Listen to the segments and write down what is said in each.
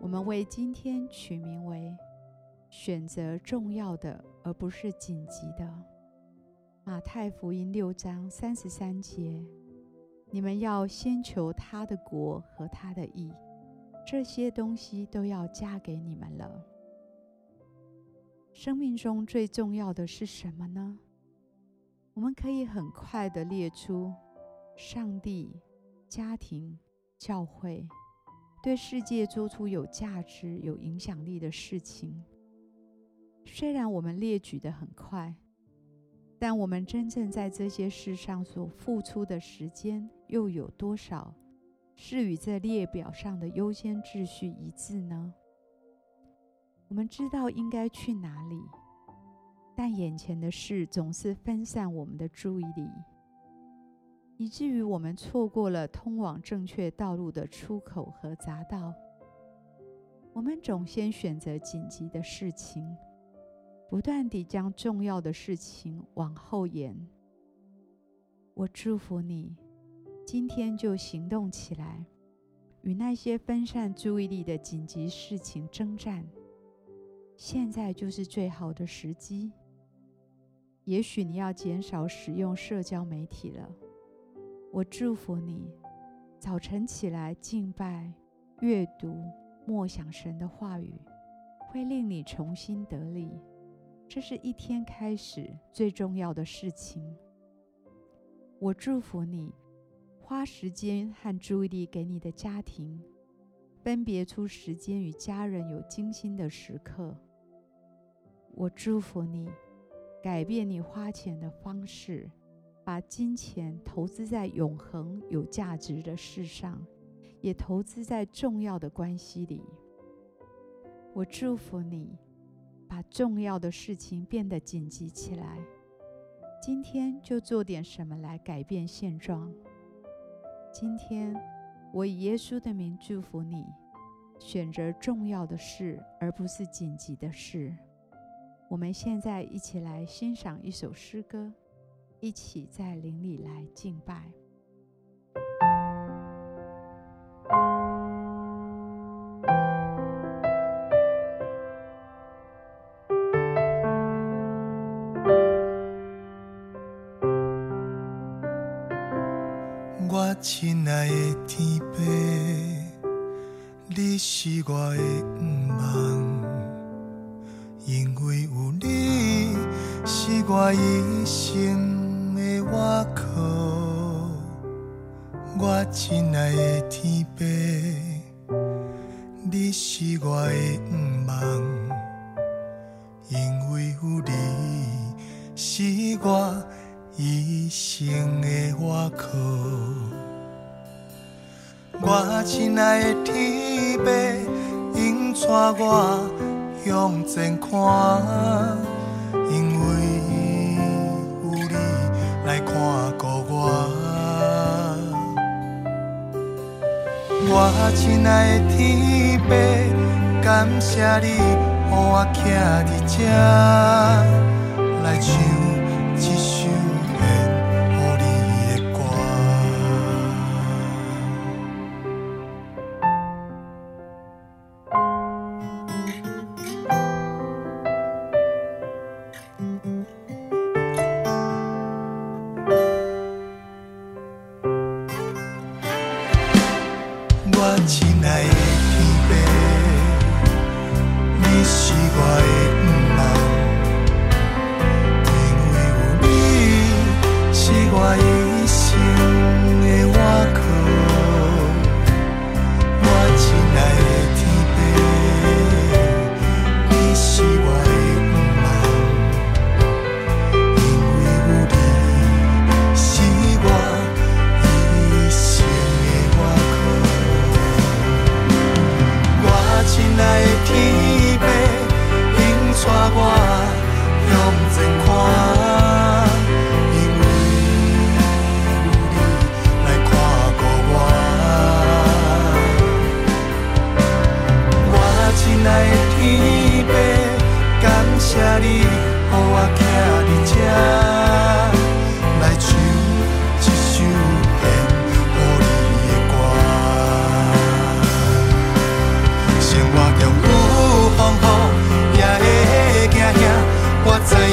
我們為今天取名為“選擇重要的，而不是緊急的”。馬太福音六章三十三節：“你們要先求他的國和他的義，這些東西都要加給你們了。”生命中最重要的是什麼呢？我們可以很快地列出：上帝、家庭、教會。對世界做出有價值、有影響力的事情，雖然我們列舉得很快，但我們真正在這些事上所付出的時間又有多少，是與這列表上的優先秩序一致呢？我們知道應該去哪裡，但眼前的事總是分散我們的注意力。以至於我們錯過了通往正確道路的出口和匝道。我們總先選擇緊急的事情，不斷地將重要的事情往後延。我祝福你，今天就行動起來，與那些分散注意力的緊急事情征戰。現在就是最好的時機。也許你要減少使用社交媒體了。我祝福你，早晨起來敬拜、閱讀、默想神的話語，會令你重新得力。這是一天開始最重要的事情。我祝福你，花時間和注意力給你的家庭，分別出時間與家人有精心的時刻。我祝福你，改變你花錢的方式。把金錢投資在永恆有價值的事上，也投資在重要的關係裡。我祝福你，把重要的事情變得緊急起來。今天就做點什麼來改變現狀。今天我以耶穌的名祝福你，選擇重要的事而不是緊急的事。我們現在一起來欣賞一首詩歌。一起在林裡來敬拜。我親愛的天父，你是我的盼望，因為有你，是我一生。我靠，我親愛的天父，你是我的夢，因為有你，是我一生的依靠。我親愛的天父，永帶我向前看。我親愛的天父，感謝你，給我站在這。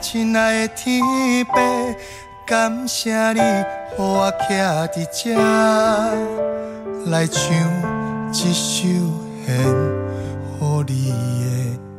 親愛的天父，感謝你，予我徛在這來唱一首獻給你的。